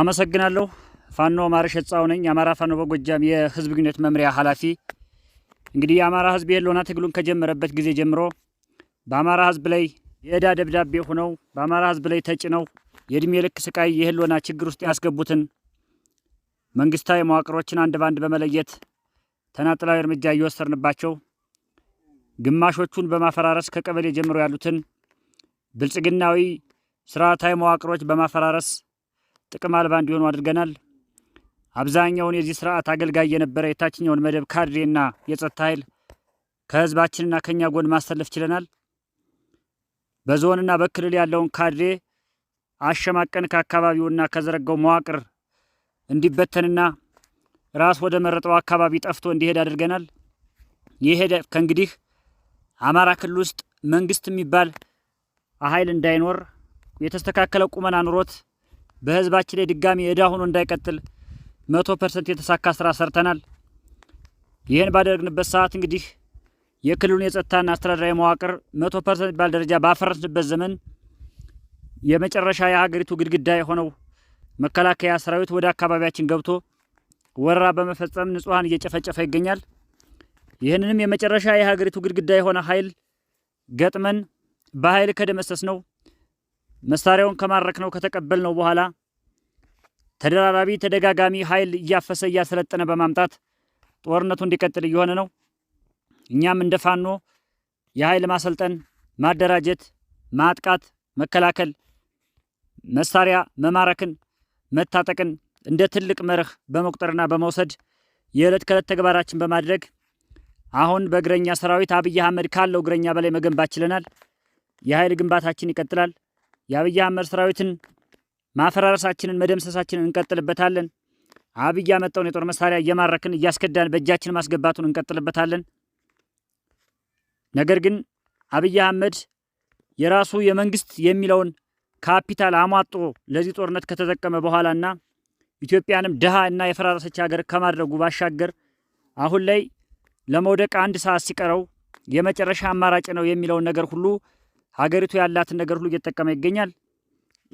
አመሰግናለሁ። ፋኖ ማረሸ ጻው ነኝ። የአማራ ፋኖ በጎጃም የህዝብ ግንኙነት መምሪያ ኃላፊ። እንግዲህ የአማራ ህዝብ የህልውና ትግሉን ከጀመረበት ጊዜ ጀምሮ በአማራ ህዝብ ላይ የእዳ ደብዳቤ ሆነው በአማራ ህዝብ ላይ ተጭነው የእድሜ ልክ ስቃይ የህልውና ችግር ውስጥ ያስገቡትን መንግስታዊ መዋቅሮችን አንድ ባንድ በመለየት ተናጥላዊ እርምጃ እየወሰድንባቸው ግማሾቹን በማፈራረስ ከቀበሌ ጀምሮ ያሉትን ብልጽግናዊ ስርዓታዊ መዋቅሮች በማፈራረስ ጥቅም አልባ እንዲሆኑ አድርገናል። አብዛኛውን የዚህ ስርዓት አገልጋይ የነበረ የታችኛውን መደብ ካድሬና የጸጥታ ኃይል ከህዝባችንና ከእኛ ጎን ማሰለፍ ችለናል። በዞንና በክልል ያለውን ካድሬ አሸማቀን ከአካባቢውና ከዘረጋው መዋቅር እንዲበተንና ራስ ወደ መረጠው አካባቢ ጠፍቶ እንዲሄድ አድርገናል። ይሄ ከእንግዲህ አማራ ክልል ውስጥ መንግስት የሚባል ኃይል እንዳይኖር የተስተካከለ ቁመና ኑሮት በህዝባችን ላይ ድጋሚ እዳ ሆኖ እንዳይቀጥል መቶ ፐርሰንት የተሳካ ስራ ሰርተናል። ይህን ባደረግንበት ሰዓት እንግዲህ የክልሉን የጸጥታና አስተዳደራዊ መዋቅር መቶ ፐርሰንት ባል ደረጃ ባፈረስንበት ዘመን የመጨረሻ የሀገሪቱ ግድግዳ የሆነው መከላከያ ሰራዊት ወደ አካባቢያችን ገብቶ ወረራ በመፈጸም ንጹሐን እየጨፈጨፈ ይገኛል። ይህንንም የመጨረሻ የሀገሪቱ ግድግዳ የሆነ ኃይል ገጥመን በኃይል ከደመሰስ ነው መሳሪያውን ከማረክ ነው ከተቀበል ነው በኋላ ተደራራቢ ተደጋጋሚ ኃይል እያፈሰ እያሰለጠነ በማምጣት ጦርነቱ እንዲቀጥል እየሆነ ነው። እኛም እንደ ፋኖ የኃይል ማሰልጠን፣ ማደራጀት፣ ማጥቃት፣ መከላከል፣ መሳሪያ መማረክን፣ መታጠቅን እንደ ትልቅ መርህ በመቁጠርና በመውሰድ የዕለት ከዕለት ተግባራችን በማድረግ አሁን በእግረኛ ሰራዊት አብይ አህመድ ካለው እግረኛ በላይ መገንባት ችለናል። የኃይል ግንባታችን ይቀጥላል። የአብይ አህመድ ሰራዊትን ማፈራረሳችንን መደምሰሳችንን እንቀጥልበታለን። አብይ ያመጣውን የጦር መሳሪያ እየማረክን እያስከዳን በእጃችን ማስገባቱን እንቀጥልበታለን። ነገር ግን አብይ አህመድ የራሱ የመንግስት የሚለውን ካፒታል አሟጦ ለዚህ ጦርነት ከተጠቀመ በኋላና ኢትዮጵያንም ድሃ እና የፈራረሰች ሀገር ከማድረጉ ባሻገር አሁን ላይ ለመውደቅ አንድ ሰዓት ሲቀረው የመጨረሻ አማራጭ ነው የሚለውን ነገር ሁሉ ሀገሪቱ ያላትን ነገር ሁሉ እየተጠቀመ ይገኛል።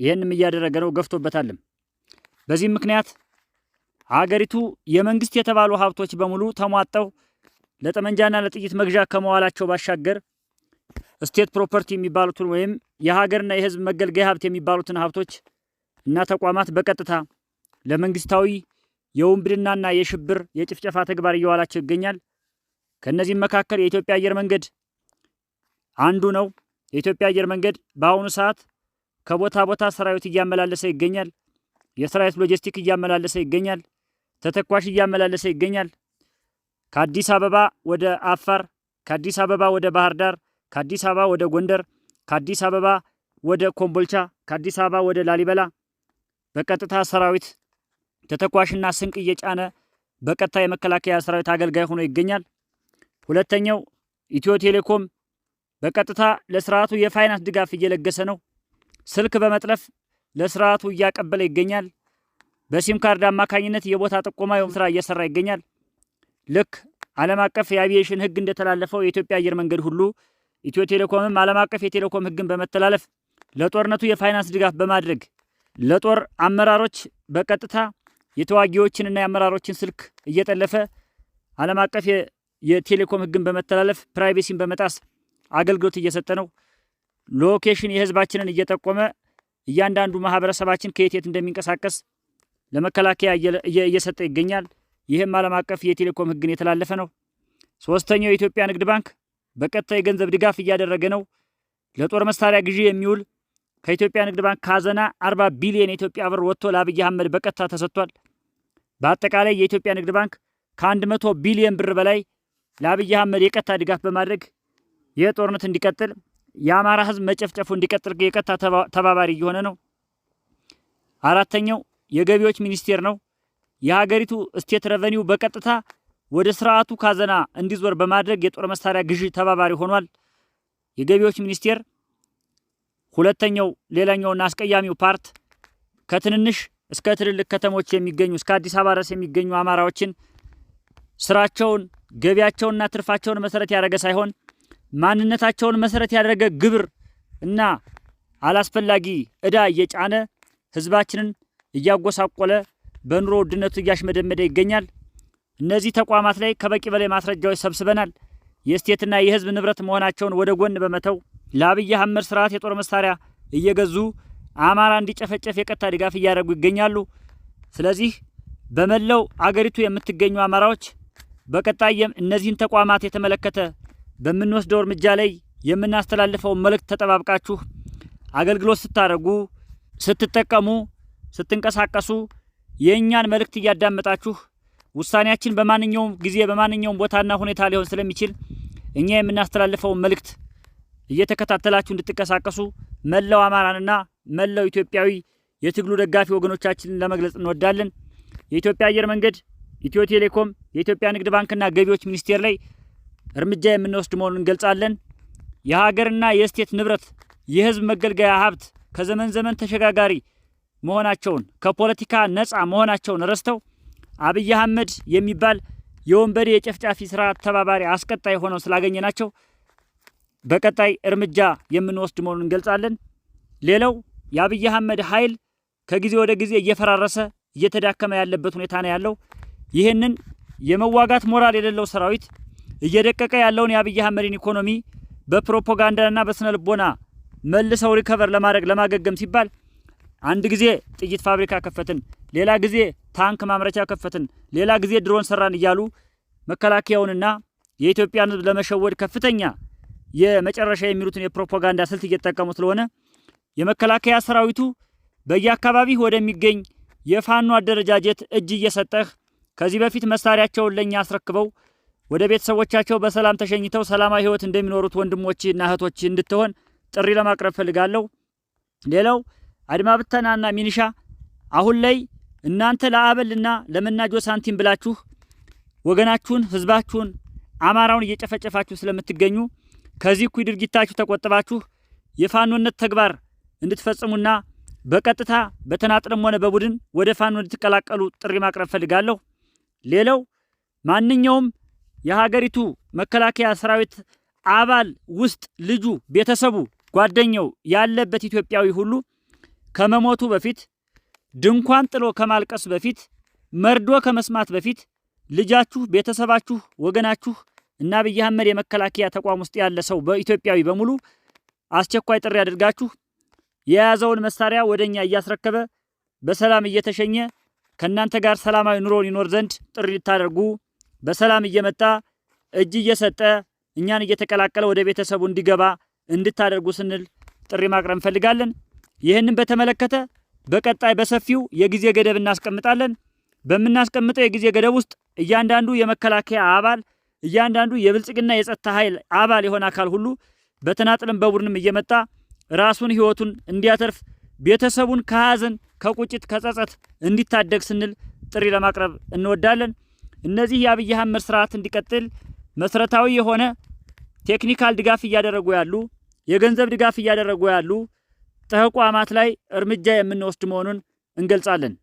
ይህንም እያደረገ ነው፣ ገፍቶበታልም። በዚህም ምክንያት አገሪቱ የመንግስት የተባሉ ሀብቶች በሙሉ ተሟጠው ለጠመንጃና ለጥይት መግዣ ከመዋላቸው ባሻገር ስቴት ፕሮፐርቲ የሚባሉትን ወይም የሀገርና የህዝብ መገልገያ ሀብት የሚባሉትን ሀብቶች እና ተቋማት በቀጥታ ለመንግስታዊ የውንብድናና የሽብር የጭፍጨፋ ተግባር እየዋላቸው ይገኛል። ከእነዚህም መካከል የኢትዮጵያ አየር መንገድ አንዱ ነው። የኢትዮጵያ አየር መንገድ በአሁኑ ሰዓት ከቦታ ቦታ ሰራዊት እያመላለሰ ይገኛል። የሰራዊት ሎጂስቲክ እያመላለሰ ይገኛል። ተተኳሽ እያመላለሰ ይገኛል። ከአዲስ አበባ ወደ አፋር፣ ከአዲስ አበባ ወደ ባህር ዳር፣ ከአዲስ አበባ ወደ ጎንደር፣ ከአዲስ አበባ ወደ ኮምቦልቻ፣ ከአዲስ አበባ ወደ ላሊበላ በቀጥታ ሰራዊት ተተኳሽና ስንቅ እየጫነ በቀጥታ የመከላከያ ሰራዊት አገልጋይ ሆኖ ይገኛል። ሁለተኛው ኢትዮ ቴሌኮም በቀጥታ ለስርዓቱ የፋይናንስ ድጋፍ እየለገሰ ነው። ስልክ በመጥለፍ ለስርዓቱ እያቀበለ ይገኛል። በሲም ካርድ አማካኝነት የቦታ ጥቆማ ስራ እየሰራ ይገኛል። ልክ ዓለም አቀፍ የአቪዬሽን ህግ እንደተላለፈው የኢትዮጵያ አየር መንገድ ሁሉ ኢትዮ ቴሌኮምም ዓለም አቀፍ የቴሌኮም ህግን በመተላለፍ ለጦርነቱ የፋይናንስ ድጋፍ በማድረግ ለጦር አመራሮች በቀጥታ የተዋጊዎችንና የአመራሮችን ስልክ እየጠለፈ ዓለም አቀፍ የቴሌኮም ህግን በመተላለፍ ፕራይቬሲን በመጣስ አገልግሎት እየሰጠ ነው። ሎኬሽን የህዝባችንን እየጠቆመ እያንዳንዱ ማህበረሰባችን ከየት የት እንደሚንቀሳቀስ ለመከላከያ እየሰጠ ይገኛል። ይህም ዓለም አቀፍ የቴሌኮም ህግን የተላለፈ ነው። ሶስተኛው የኢትዮጵያ ንግድ ባንክ በቀጥታ የገንዘብ ድጋፍ እያደረገ ነው። ለጦር መሳሪያ ግዢ የሚውል ከኢትዮጵያ ንግድ ባንክ ካዘና 40 ቢሊዮን የኢትዮጵያ ብር ወጥቶ ለአብይ አህመድ በቀጥታ ተሰጥቷል። በአጠቃላይ የኢትዮጵያ ንግድ ባንክ ከ100 ቢሊዮን ብር በላይ ለአብይ አህመድ የቀጥታ ድጋፍ በማድረግ ይህ ጦርነት እንዲቀጥል የአማራ ህዝብ መጨፍጨፉ እንዲቀጥል የቀጥታ ተባባሪ እየሆነ ነው። አራተኛው የገቢዎች ሚኒስቴር ነው። የሀገሪቱ ስቴት ረቨኒው በቀጥታ ወደ ስርዓቱ ካዘና እንዲዞር በማድረግ የጦር መሳሪያ ግዢ ተባባሪ ሆኗል። የገቢዎች ሚኒስቴር ሁለተኛው ሌላኛውና አስቀያሚው ፓርት ከትንንሽ እስከ ትልልቅ ከተሞች የሚገኙ እስከ አዲስ አበባ ድረስ የሚገኙ አማራዎችን ስራቸውን ገቢያቸውንና ትርፋቸውን መሰረት ያደረገ ሳይሆን ማንነታቸውን መሰረት ያደረገ ግብር እና አላስፈላጊ እዳ እየጫነ ህዝባችንን እያጎሳቆለ በኑሮ ውድነቱ እያሽመደመደ ይገኛል። እነዚህ ተቋማት ላይ ከበቂ በላይ ማስረጃዎች ሰብስበናል። የስቴትና የህዝብ ንብረት መሆናቸውን ወደ ጎን በመተው ለአብይ አህመድ ስርዓት የጦር መሳሪያ እየገዙ አማራ እንዲጨፈጨፍ የቀጥታ ድጋፍ እያደረጉ ይገኛሉ። ስለዚህ በመላው አገሪቱ የምትገኙ አማራዎች በቀጣይም እነዚህን ተቋማት የተመለከተ በምንወስደው እርምጃ ላይ የምናስተላልፈው መልእክት ተጠባብቃችሁ አገልግሎት ስታደርጉ፣ ስትጠቀሙ፣ ስትንቀሳቀሱ የእኛን መልእክት እያዳመጣችሁ ውሳኔያችን በማንኛውም ጊዜ በማንኛውም ቦታና ሁኔታ ሊሆን ስለሚችል እኛ የምናስተላልፈውን መልእክት እየተከታተላችሁ እንድትንቀሳቀሱ መላው አማራንና መላው ኢትዮጵያዊ የትግሉ ደጋፊ ወገኖቻችንን ለመግለጽ እንወዳለን። የኢትዮጵያ አየር መንገድ፣ ኢትዮ ቴሌኮም፣ የኢትዮጵያ ንግድ ባንክና ገቢዎች ሚኒስቴር ላይ እርምጃ የምንወስድ መሆኑን እንገልጻለን። የሀገርና የእስቴት ንብረት የህዝብ መገልገያ ሀብት ከዘመን ዘመን ተሸጋጋሪ መሆናቸውን ከፖለቲካ ነፃ መሆናቸውን ረስተው አብይ አህመድ የሚባል የወንበዴ የጨፍጫፊ ስርዓት ተባባሪ አስቀጣይ ሆነው ስላገኘ ናቸው በቀጣይ እርምጃ የምንወስድ መሆኑን እንገልጻለን። ሌላው የአብይ አህመድ ኃይል ከጊዜ ወደ ጊዜ እየፈራረሰ እየተዳከመ ያለበት ሁኔታ ነው ያለው። ይህንን የመዋጋት ሞራል የሌለው ሰራዊት እየደቀቀ ያለውን የአብይ አህመድን ኢኮኖሚ በፕሮፓጋንዳና በስነ ልቦና መልሰው ሪከቨር ለማድረግ ለማገገም ሲባል አንድ ጊዜ ጥይት ፋብሪካ ከፈትን፣ ሌላ ጊዜ ታንክ ማምረቻ ከፈትን፣ ሌላ ጊዜ ድሮን ሰራን እያሉ መከላከያውንና የኢትዮጵያን ሕዝብ ለመሸወድ ከፍተኛ የመጨረሻ የሚሉትን የፕሮፓጋንዳ ስልት እየተጠቀሙ ስለሆነ የመከላከያ ሰራዊቱ በየአካባቢህ ወደሚገኝ የፋኖ አደረጃጀት እጅ እየሰጠህ ከዚህ በፊት መሳሪያቸውን ለእኛ አስረክበው ወደ ቤተሰቦቻቸው በሰላም ተሸኝተው ሰላማዊ ህይወት እንደሚኖሩት ወንድሞች ና እህቶች እንድትሆን ጥሪ ለማቅረብ ፈልጋለሁ። ሌላው አድማ ብተናና ሚኒሻ አሁን ላይ እናንተ ለአበልና ለመናጆ ሳንቲም ብላችሁ ወገናችሁን፣ ህዝባችሁን፣ አማራውን እየጨፈጨፋችሁ ስለምትገኙ ከዚህ እኩይ ድርጊታችሁ ተቆጥባችሁ የፋኖነት ተግባር እንድትፈጽሙና በቀጥታ በተናጥልም ሆነ በቡድን ወደ ፋኖ እንድትቀላቀሉ ጥሪ ማቅረብ ፈልጋለሁ። ሌላው ማንኛውም የሀገሪቱ መከላከያ ሰራዊት አባል ውስጥ ልጁ፣ ቤተሰቡ፣ ጓደኛው ያለበት ኢትዮጵያዊ ሁሉ ከመሞቱ በፊት ድንኳን ጥሎ ከማልቀስ በፊት መርዶ ከመስማት በፊት ልጃችሁ፣ ቤተሰባችሁ፣ ወገናችሁ እና አብይ አህመድ የመከላከያ ተቋም ውስጥ ያለ ሰው በኢትዮጵያዊ በሙሉ አስቸኳይ ጥሪ አድርጋችሁ የያዘውን መሳሪያ ወደኛ እያስረከበ በሰላም እየተሸኘ ከእናንተ ጋር ሰላማዊ ኑሮን ይኖር ዘንድ ጥሪ ልታደርጉ በሰላም እየመጣ እጅ እየሰጠ እኛን እየተቀላቀለ ወደ ቤተሰቡ እንዲገባ እንድታደርጉ ስንል ጥሪ ማቅረብ እንፈልጋለን። ይህንን በተመለከተ በቀጣይ በሰፊው የጊዜ ገደብ እናስቀምጣለን። በምናስቀምጠው የጊዜ ገደብ ውስጥ እያንዳንዱ የመከላከያ አባል እያንዳንዱ የብልጽግና የጸጥታ ኃይል አባል የሆነ አካል ሁሉ በተናጥልም በቡድንም እየመጣ ራሱን ህይወቱን እንዲያተርፍ ቤተሰቡን ከሐዘን፣ ከቁጭት፣ ከጸጸት እንዲታደግ ስንል ጥሪ ለማቅረብ እንወዳለን። እነዚህ የአብይ አህመድ ስርዓት እንዲቀጥል መሰረታዊ የሆነ ቴክኒካል ድጋፍ እያደረጉ ያሉ፣ የገንዘብ ድጋፍ እያደረጉ ያሉ ተቋማት ላይ እርምጃ የምንወስድ መሆኑን እንገልጻለን።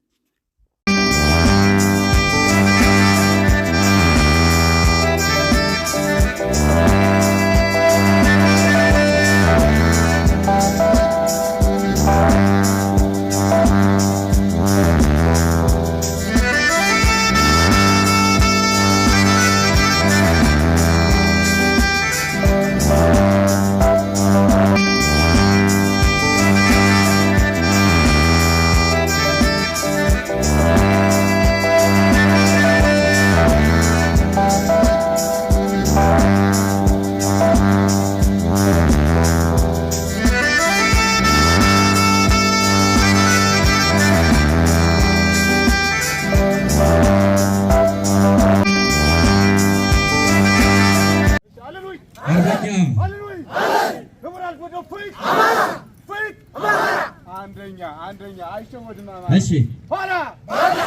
ኋላ ኋላ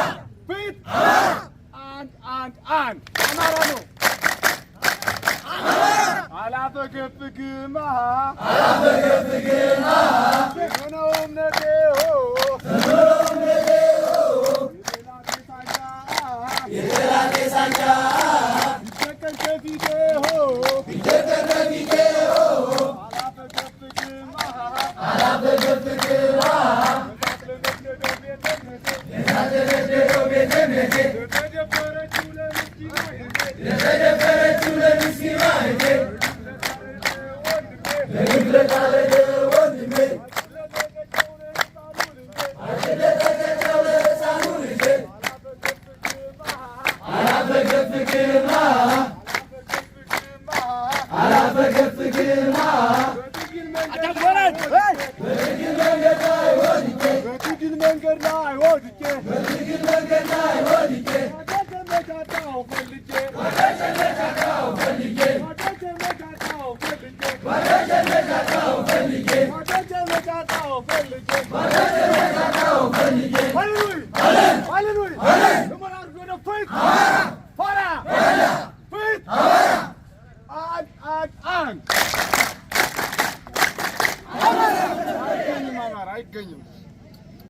ፊት አንድ አንድ አንድ አማራ ነው። አላፈገፍግም አላፈገፍግም የሆነውም ነገው kırma Arafa kapı kırma Böyle gülmen gırnay vodike Böyle gülmen gırnay vodike Vada cennet hata vodike Vada cennet hata vodike Vada